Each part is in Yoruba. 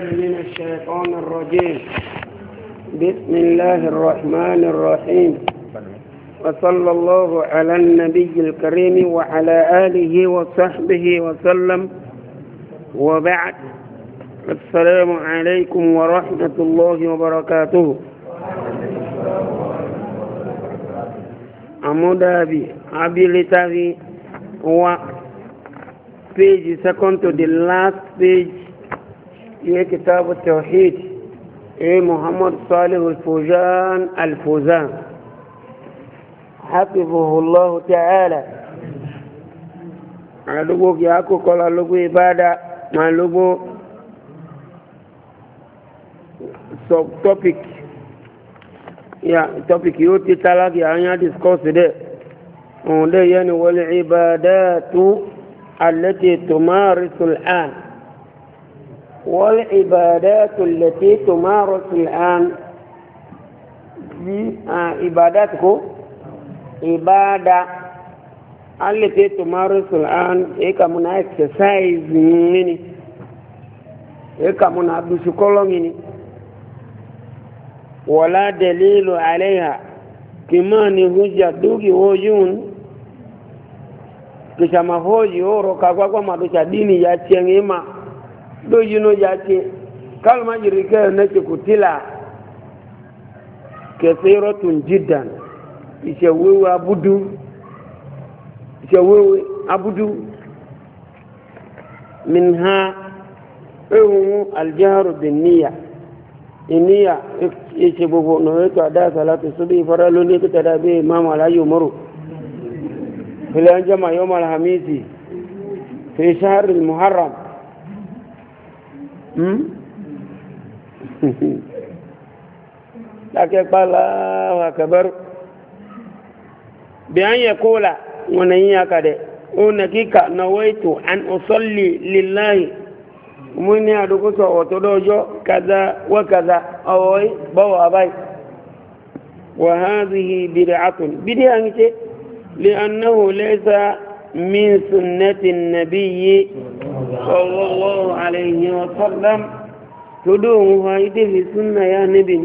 من الشيطان الرجيم بسم الله الرحمن الرحيم وصلى الله على النبي الكريم وعلى آله وصحبه وسلم وبعد السلام عليكم ورحمة الله وبركاته عمود أبي أبي لتاغي هو page second to the last page ايه كتاب التوحيد ايه محمد صالح الفوزان الفوزان حفظه الله تعالى alugbo kì á kó kọlọ alugbo ìbáda máa lugbo subtopic ya topic yóò ti tala kì á yá discourse dẹ òun dẹ yẹn ni wọlé ìbáda tó alẹ́ ti tó máa rí والعبادات التي تمارس الآن عباداتكو عبادة التي تمارس الآن إيكا منا exercise مني إيكا منا بسكولو مني ولا دليل عليها كما نهجة دوغي وجون kisha mahoji oro kakwa kwa madusha dini ya chiengima doji no jati eh, kalma jirike na ce kutila kesiratun jiddan isewewe abudu isewewe abudu minha ehun aljaharu bin niyya iniya ice gbogbo na eto ada salatu subi fara lóni kita da bi imam alayi umaru filan jama yom alhamisi fi shahar muharram dákẹ́ hmm? pàlá àkàbẹ́rù bí an yẹ kóòlà wọn na yíya ka dẹ̀ ó na kíkà na wẹ́ẹ̀tò an ọ̀sọ́lì lìláyì mú ní àdókòsọ̀ ọ̀tọ́dọ́jọ́ kaza wẹ́kaza ọ̀wọ́ bọ́wọ́ abáyì وهذه بدعة بدعة لأنه ليس من سنة النبي sallallahu alayhi wa sallam tó dóhun ha ìdí fi súnà yá níbi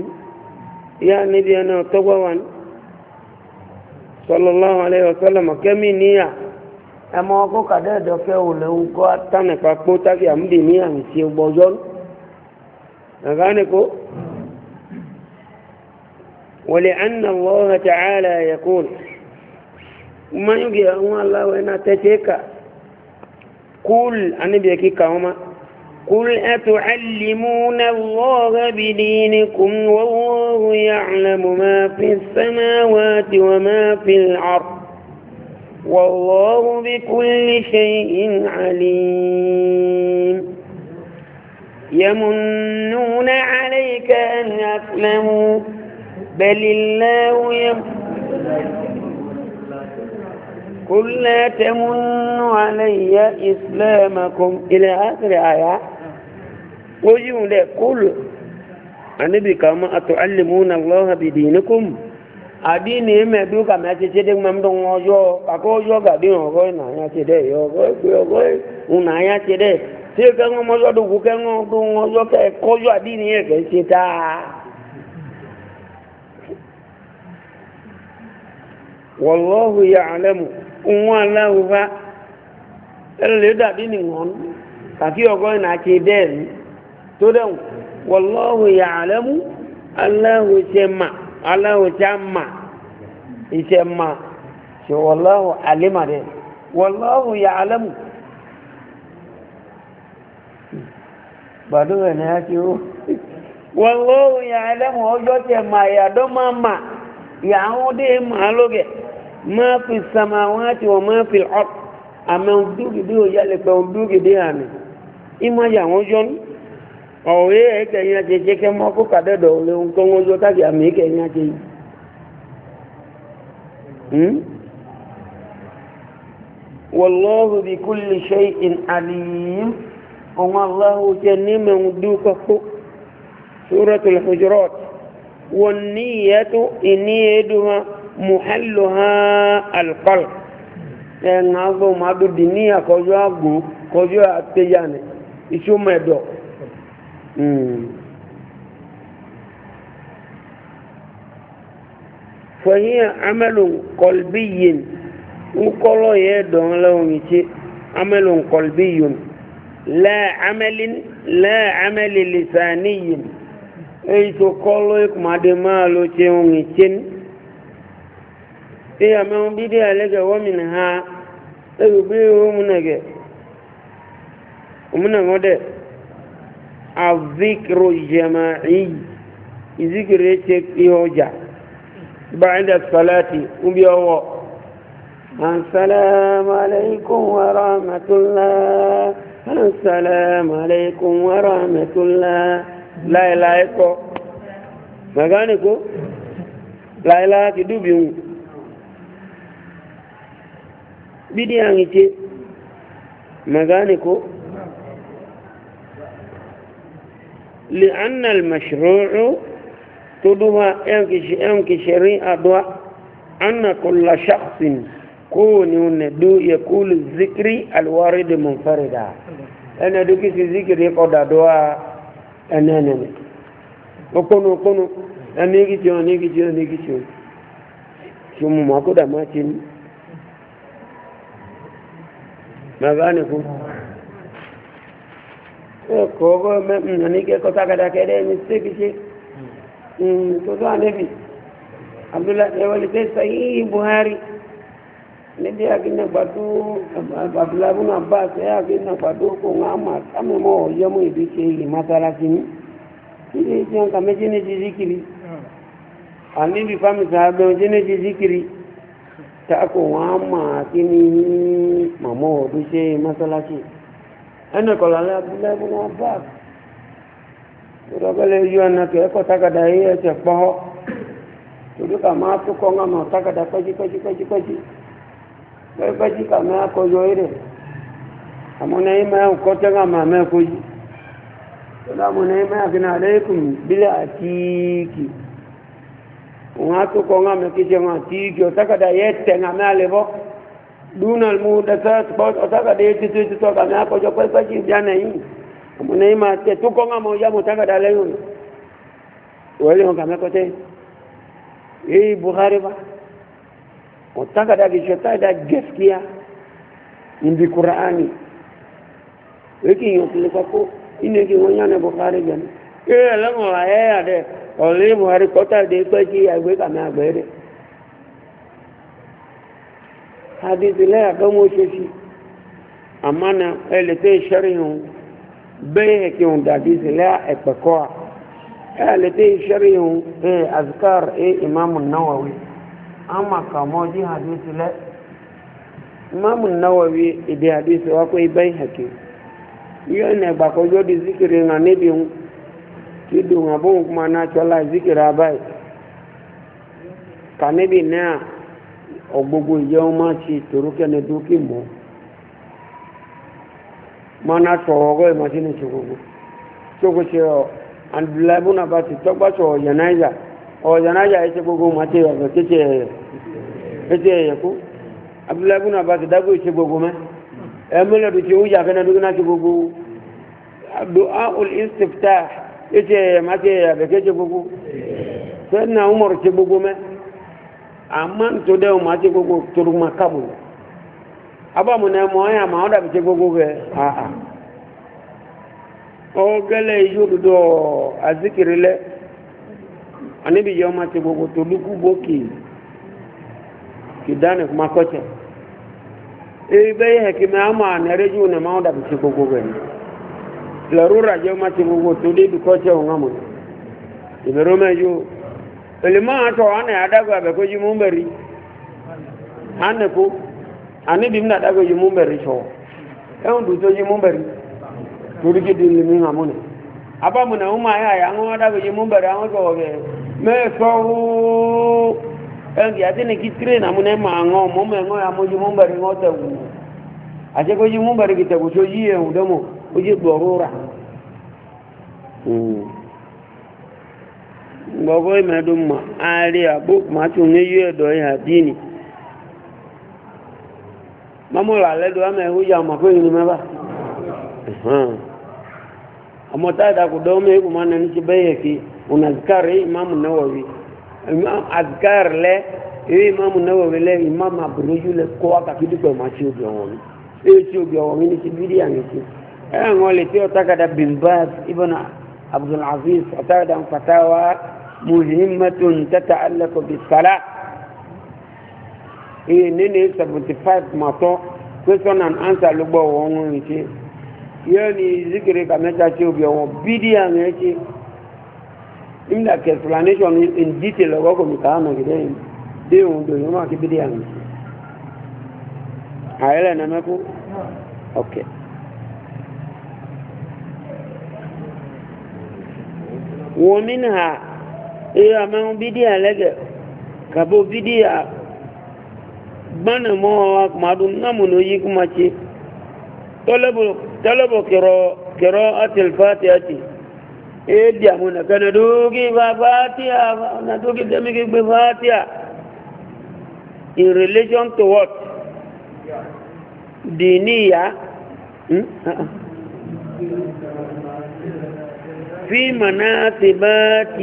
yá níbi ẹ̀nà ọ̀tọ́gbà wa ní sallallahu alayhi wa sallam kẹ́mí níyà ẹmọ ọkọ̀ kàdẹ́ ẹ̀dọ́kẹ́ òlẹ́hun kọ́ tánìpa pó tákì àmúdì níyà mi ti gbọ́jọ́ nìkanìkó ولأن الله تعالى يقول ما يجي الله وإن تتيكا قل أنا بيكي كوما قل أتعلمون الله بدينكم والله يعلم ما في السماوات وما في الأرض والله بكل شيء عليم يمنون عليك أن أسلموا بل الله يمنون قل لا تمنوا علي إسلامكم إلى آخر آية وجيوا لا قل النبي كما أتعلمون الله بدينكم àdínì mẹ́bí kà máa ṣe ṣédé mẹ́mdọ́ wọn ṣe dẹ̀ ọgọ́ ìpè ọgọ́ ìnàyà ṣe dẹ̀ tí ó kẹ́wọ́n mọ́jọ́ dùkú kẹ́wọ́n ọdún ọjọ́ kẹ́kọ́jọ́ ṣe wọn aláwo bá ẹlẹ́lẹ́ dàbí nìwọ̀n kàkí ọgọ́ ìnàkí dẹ́ẹ̀mí tó dẹ̀wọ̀n wọ́lọ́hù yà àlẹ́mú aláwo ṣe mà aláwo ṣe mà ìṣe mà ṣe wọ́lọ́hù àlẹ́màdẹ́ wọ́lọ́hù yà àlẹ́mú gbàdúrà ní á ti ó wọ́lọ́hù yà àlẹ́mú ọjọ́ ṣe mà ìyàdọ́ máa mà ìyàwó dé mà lókè ma fi samawati wa ma fi al-ard ama udugide o yale pe udugide ami ima ya won jon o ye ke yan je je ke mo ko ka de do le un ko won jo ta ki ami ke yan je hmm wallahu bi kulli shay'in alim on allah jannima uduka ko suratul hujurat والنية إني يدها muhalluha alqalb ẹ̀ǹ agbó ma dó di ni ìṣúmẹ̀dọ̀ fọ̀yìn amẹ́lò kọlbí yìí ń kọ́lọ̀ yẹ dọ̀n lẹ́wọ̀n yìí ṣe amẹ́lò kọlbí yìí lẹ́ amẹ́lì lẹ́ iya mẹ́wọ́n bí dé alẹ́gẹ̀ wọ́mìn ha ẹgbẹ̀ e, bí omúnàgẹ̀ omúnàgọ́dẹ̀ azikro jama'i izikiri e ce ihoja bayan da salati ubi ọwọ́ السلام عليكم ورحمة الله السلام عليكم ورحمة الله لا إله إلا الله مغانيكو لا إله إلا bidiya ce magane ko li'annal mashru'u tuduwa yanki shari'a duwa anna kulla shakhsin kowani wani du ya kulu zikiri alwari da munfarida yana duki si zikiri koda duwa enenene okunu okunu enigiti onigiti onigiti shumu makuda macin mabani ku kogo nani ke kota kada kede mistake shi to do anabi abdullah ewali te sahih buhari nabi akina batu abdullah ibn abbas ya akina batu ko ngama kama mo yamu ibike ili masala kini ile jan kama jine jizikiri anibi fami sahabe jine jizikiri tako wọn ma kí ni mọ̀mọ́ ọdún ṣe mọ́sálásí ẹnì kọ̀lá lábúlé fún wọn bá ìrọ̀bẹ́lẹ̀ yọ ẹ̀nà kẹ́kọ̀ọ́ tágàdá yìí ẹ̀sẹ̀ pọ́ tòdú kà máa tó kọ́ ọmọ tágàdá pẹ́jípẹ́jípẹ́jípẹ́jí pẹ́jípẹ́jí kà máa kọjọ rẹ̀ àmúnà yìí máa kọ́ tẹ́gà máa mẹ́kọ́ yìí tòdú àmúnà yìí máa kí ni àlẹ́kùn bílẹ̀ àti kìí nga tu ko nga me kije nga ti ki otaka da yete nga me alebo duna al mudasat ba otaka de ti ti to ka na ko jo pa pa yi mo ne ma te tu ko nga mo ya mo taka da le yun wali nga me ko te e buhari ba otaka da ki shota da gaskiya indi qur'ani yake yo ko ko ine ki wonya ne buhari jana kí ẹlẹ́wọ̀n ayé àdẹ ọ̀lẹ́ buhari kọ́tà dé pẹ́ kí àgbẹ̀ kàmí àgbẹ̀ rẹ̀ adìsílẹ̀ ìṣẹ́rìhùn bẹ́ẹ̀ kí dàdìsílẹ̀ ẹ̀pẹ̀kọ́ ìṣẹ́rìhùn azkar kàmọ́ àdìsílẹ̀ kidun abun kuma na chola zikira bai kanibi na ogbogo iye ọmọ ti toruke ne duki mo mana sọ̀rọ̀ ọgọ́ ìmọ̀sí ní ṣogbogbo ṣogbogbo ṣe ọ àdúláìbù náà bá ti tọ́gbà sọ ọ̀yànáìjà ọ̀yànáìjà ẹ̀ṣẹ́ gbogbo màtí ọ̀gbẹ̀ kéṣe ẹ̀yẹ̀ kéṣe ẹ̀yẹ̀ kú àdúláìbù náà bá ti dágbò ìṣe gbogbo mẹ́ ẹ̀mílẹ̀dù ti ń yà fẹ́nẹ́dúgbò náà ṣe gbogbo àdó áhùl ete ẹ̀yẹ̀má ti ẹ̀yà bẹ̀kẹ́ ti gbogbo sẹ́nà umar ti gbogbo mẹ́ àmá tó dẹ́ ọmọ ti gbogbo toru ma kábò abámu náà mọ ẹ̀yà máa dàbí ti gbogbo rẹ̀ àhà ọgẹ́lẹ̀ yóò dodo azikiri lẹ anibi yẹ ọmọ ti gbogbo tolúkú bókì kìdánì kuma kọ́tsẹ̀ ebi bẹ́yẹ̀ kìmẹ́ àmà nẹ́rẹ́jú náà máa dàbí ti gbogbo rẹ̀ ni larura je ma ti bugo to de du ko che o ngamu ibero me ju elma to ana adagwa be ko ji mumberi ane ko ane dim na dago ji mumberi cho e on du to ji mumberi to ri din ni ngamu ne aba mu na uma ya ya ngo dago ji mumberi an ko ge me so wu en ya tene ki train amu ne ma ngo mo me ngo ya mo ji mumberi ngo te wu aje ko ji mumberi ki te ko so ji e u domo ó jẹ́ gbọ̀rúra hmm. gbọ̀gbọ́ ìmẹ̀dùnmọ̀ ààrẹ àbókùmátù ní yú ẹ̀dọ̀ ìhà díìnì mọ́mọ́lá lẹ́dọ̀ àmà ẹ̀hó yà ọmọ fún ìrìn mẹ́bà hmm. ọmọ táàdà kò dọ́ mẹ́ ẹ̀kùnmọ́ náà ní ṣe bẹ́yẹ̀ kí òun àzìkárì ìmáàmù náwọ̀ rí àzìkárì lẹ́ ìwé ìmáàmù náwọ̀ rí lẹ́ ìmáàmù àbúrójú lẹ́ kọ́ wákàtí dúpẹ̀ máa ṣe obì ọ̀wọ̀ mi ẹ̀rọ olùtí ọ̀tàkàdà bimbaz ibn abdulaziz ọ̀tàkàdà fatawa muhimmatun tata alẹ́kọ̀ọ́ bisala iye nínú seventy five mọ̀tọ́ question and answer ló gbọ́ wọ́n ń rìn ṣe yóò ní zikiri kàmẹ́ta ṣe òbí ọ̀wọ́n bídí àwọn ẹ̀ ṣe nígbà kí explanation in detail ọ̀gọ́ kò mí kàá nàgídẹ́ yìí dé òun dò yóò máa kí bídí àwọn ṣe àyẹ̀lẹ̀ nàmẹ́kú okay. wo min ha eyi a ma bi di ale gɛ ka bo bi di a gbani mo wa kuma na mu no yi kuma ce tɔlɛbo tɔlɛbo kɛrɔ kɛrɔ ti e di a mo na kana na dogi dɛmɛ ki in relation to what di ni hmm? ha. في مناقبات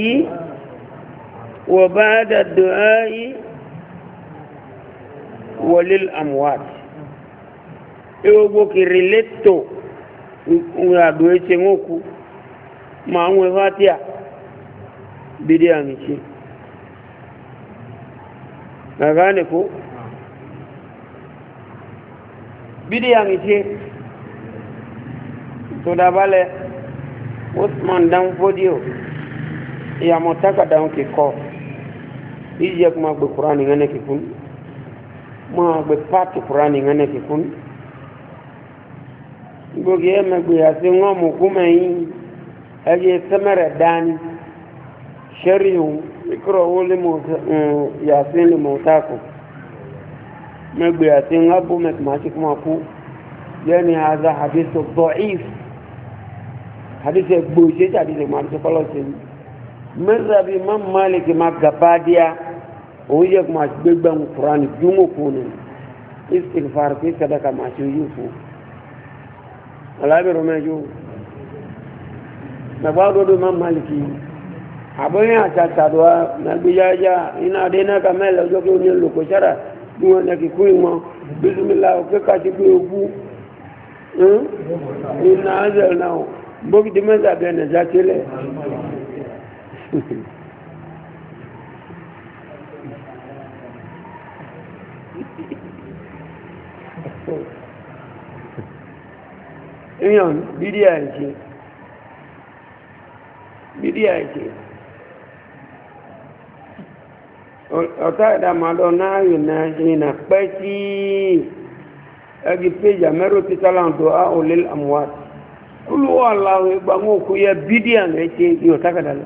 وبعد الدعاء وللأموات ìwògbòkì rìlẹ́tò ìrìnàdò ẹ̀ṣẹ̀ mọ́kú ma ń wẹ fátíà bídí àmì ṣe gàgá nìkó bídí àmì ṣe tó dábálẹ̀ usman dan fodio ya motaka dan ki ko ije kuma gbe qur'ani ngane ki kun ma gbe pati qur'ani ngane ki kun gbogbo ye me gbe ase ngomu kuma yin aje samara dani shari'u ikro wole mo eh, ya sin le motako me gbe ase ngabu me kuma ki kuma ku yani hadha hadithu dha'if hadisi gbòòṣe tí hadisi mọ àti kọlọsẹ ni mẹsàbí má malik má gàbádìá òun yẹ kó máa gbégbá ń kuran dúnmọ kó ni istighfar kí sadaka máa ṣe yìí fún alábẹ̀rẹ̀ mẹ́jọ nàgbà dodo má malik yìí àbọ̀yìn àtàtàdọ́wà nàgbéyájá iná adéná kàmẹ́lẹ̀ ọjọ́ kí ó ní olùkọ́ sára bí wọ́n nẹ́kì kú ìmọ̀ bísúmílà òkè kàti pé ogún iná azẹ̀ náà bókìdí mẹ́ta bẹ́ẹ̀ nẹ̀já tẹ́lẹ̀ èèyàn bídí àìṣe bídí àìṣe ọ̀tá ìdámadọ́ náà yìí náà ṣe ìnà pẹ́ sí ẹgbẹ́ péjà mẹ́rò títàlàntò àòlè àmúwàtí kulu alahu igbango kuya bidia ngeke hiyo takadala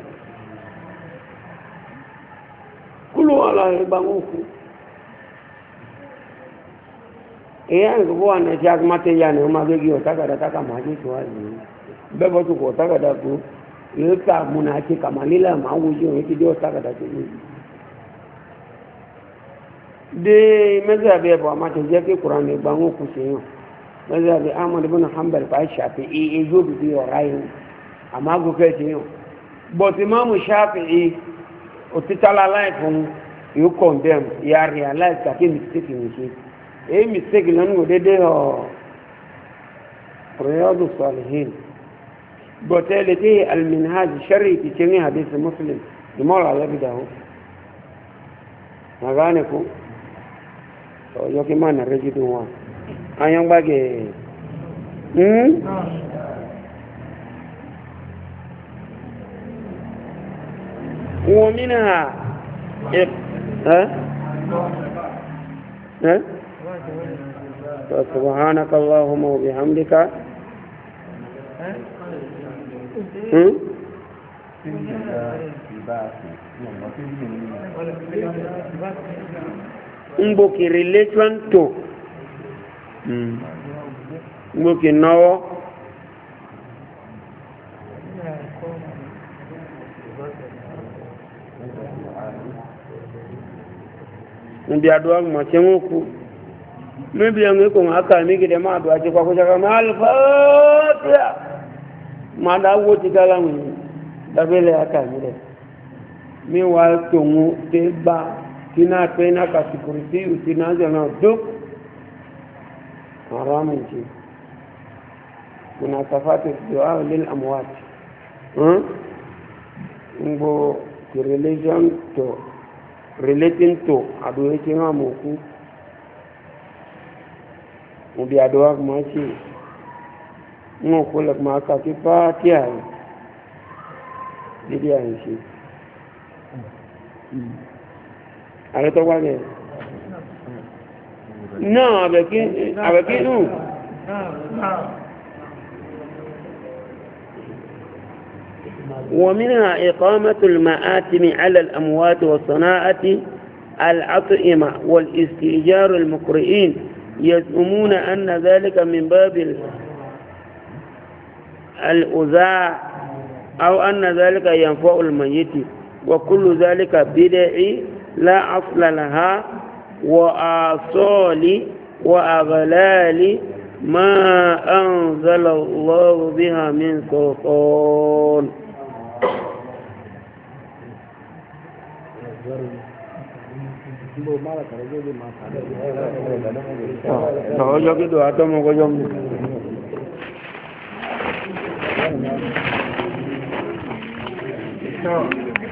kulu alahu igbango ku eya ngokuwa na jak mate ya ne umage hiyo takada taka maji twali bebo tu ko takada ku yeka muna ke kamalila mawujo yake dio takada ku de meza bebo amate jake qur'an igbango ku seyo mẹ́sàn-án bí ahmed bin hanbal bá ṣàfi iye yóò bí bí ọ̀rá yìí àmọ́ agùnkẹ́ ti yàn bọ̀tí mọ́mù ṣàfi iye òtítàlá láìfún yóò condemn yà realize kàkí mistake nìṣe èyí mistake lọ́nà òdédé ọ̀ rẹ́ọ́dù sọ̀lìhìn bọ̀tí ẹ̀ lẹ́tí alminhaj sharri ti ṣe ní hadith muslim ìmọ̀ràn alẹ́bìdáwó nàgánìkú ọ̀yọ́kí má nà rẹ́jú dùn wọn anyọgbage hmm wọn mi na ha ẹ ẹ سبحانك اللهم وبحمدك relation to gbókè náwọ́ níbi àdúrà mọ̀ tí wọ́n kú níbi ẹ̀rùn ikọ̀ àkà mí gẹ̀dẹ̀ máa dùn àti pàkóṣàkà máa lè fàáàtìyà máa dáwó ti ká láwọn èèyàn dábẹ́lẹ̀ àkà mí rẹ̀ mi wá tòun tẹ́ bá tí náà pẹ́ náà kàṣìkòrò sí ìsìn náà jọ haramun ce munasafatu du'a lil amwat hmm ngbo the religion to relating to adoration amoku ubi adoa ma ce mo ko lak ma ka ki pa ti ai didi ai shi ale to wa ne náà àbẹ̀kí ومنها إقامة المآتم على الأموات وصناعة الأطعمة والاستئجار المقرئين يزعمون أن ذلك من باب الأذاع أو أن ذلك ينفع الميت وكل ذلك بدعي لا أصل لها وآصال وأغلال ما أنزل الله بها من سلطان Thank آه. you.